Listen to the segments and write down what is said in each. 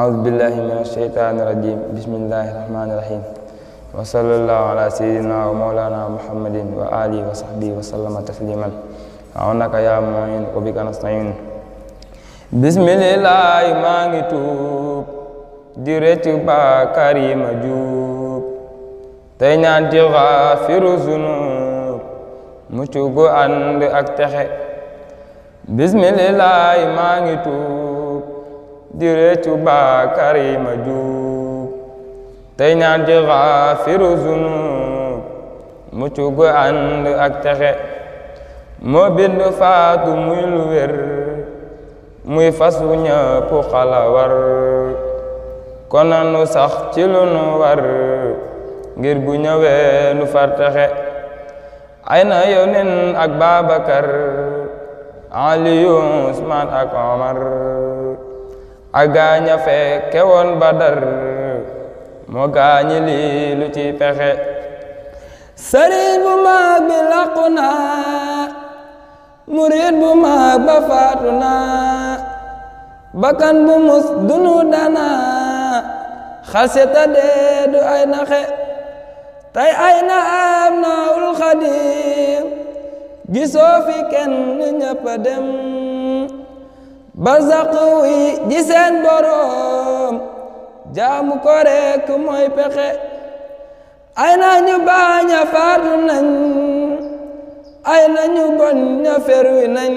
أعوذ بالله من الشيطان الرجيم بسم الله الرحمن الرحيم وصلى الله على سيدنا ومولانا محمد وآله وصحبه وسلم تسليما عونك يا معين وبك نستعين بسم الله ما نتوب دريت باكر مجوب تينا غافر ذنوب متوب عند أكتخ بسم الله ما نتوب di réccu bàkkaar yi ma juub tey ñaan ci xaafiru zunub mucc gu ànd ak texe moo bind faatu muy lu wér muy fas wu ñëpp war kon nu sax ci lu nu war ngir bu ñëwee nu far texe ay na yónent ak Babakar Ali Usmaan ak Omar a gaaña fekke woon badar moo gaañi lii lu ci pexe bu maag bi làqu naa murid bu maag ba faatu naa bakkan bu mus dunu dana xaseta dee du ay naxe tey ay na am naawul xadim gisoo fi kenn ñëpp dem barzaq wi ji seen jaamu ko rekk mooy pexe ay na ñu baax ña faatu nañ ay na ñu bon ña ferwi nañ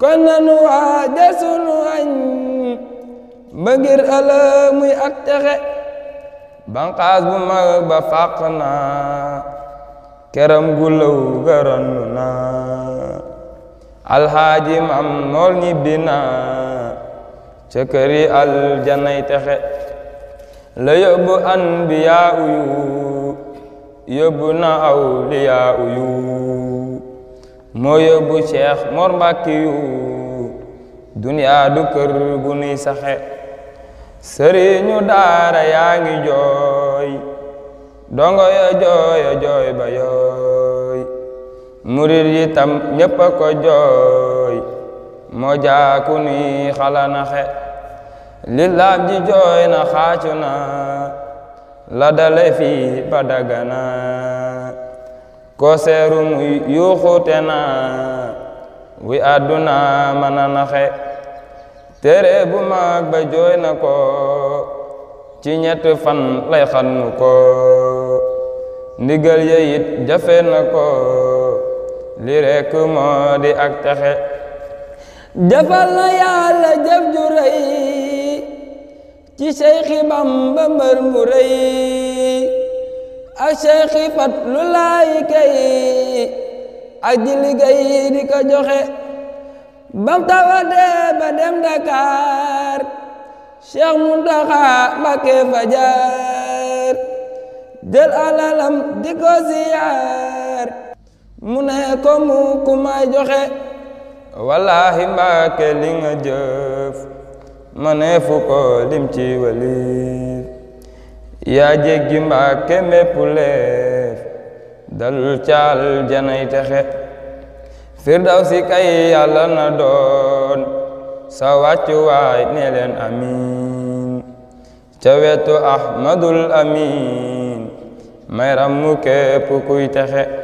kon nanu waaje sunu añ ba ngir ala muy ak texe banqaas bu mag ba fàq na keram gu law garan na alxaaji maam nool ñibbi na ca këri aljanay texe la yóbbu anbiyaa uyu yóbbu na awliyaa uyu moo yóbbu ceex mor mbàkki yu duniyaa du kër gu nuy saxe sëriñu daara yaa ngi jooy dongo ya jooy ya ba yoo murid yi tam ñépp ko jooy moo jaaku ni xala na ji jooy na xaacu na la dale fii ba dagana ko seeru muy yuuxute na wi àdduna mën a tere bu mag ba jooy na ko ci ñett fan lay xannu ko ndigal yeyit jafe na ko li rekk moo di ak taxe jafal na yàlla jëf ju rëy ci Seyxi Bamba mbër mu fat lu di liggéey di ko joxe bam tawadee ba dem Dakar Cheikh muntaha Mbakke Fajar jël alalam di ko ziyaar mu ne ko mu ku may joxe wallaahi mbaake li nga jëf ma ne fu lim ci waliif yaa jéggi mbaake mépp leef dalul caal janay texe firdawsi kay yàlla na doon sa wàccu waay ne leen ca wetu ahmadul amin may rammu képp kuy texe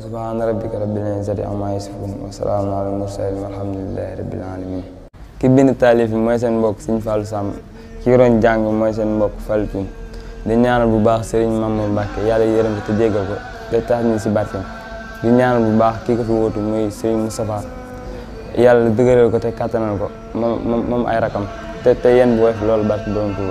subhaana rabbika rabbil izzati ammaa yasifuun wa salaamun alal mursaliin walhamdulillaahi rabbil aalamiin ki bind taalif bi mooy seen mbokk Sëriñ Fallou Samb ki roon jàng mooy seen mbokk Fallou Thioune di ñaanal bu baax Sëriñ Mamour Mbacke yàlla yërëm ko te jéggal ko te tax si barkeem di ñaanal bu baax kii ko fi wóotu muy Sëriñ Moustapha yàlla dëgëral ko te kattanal ko moom ay rakam te te yéen bu woyof loolu barke borom Tuuba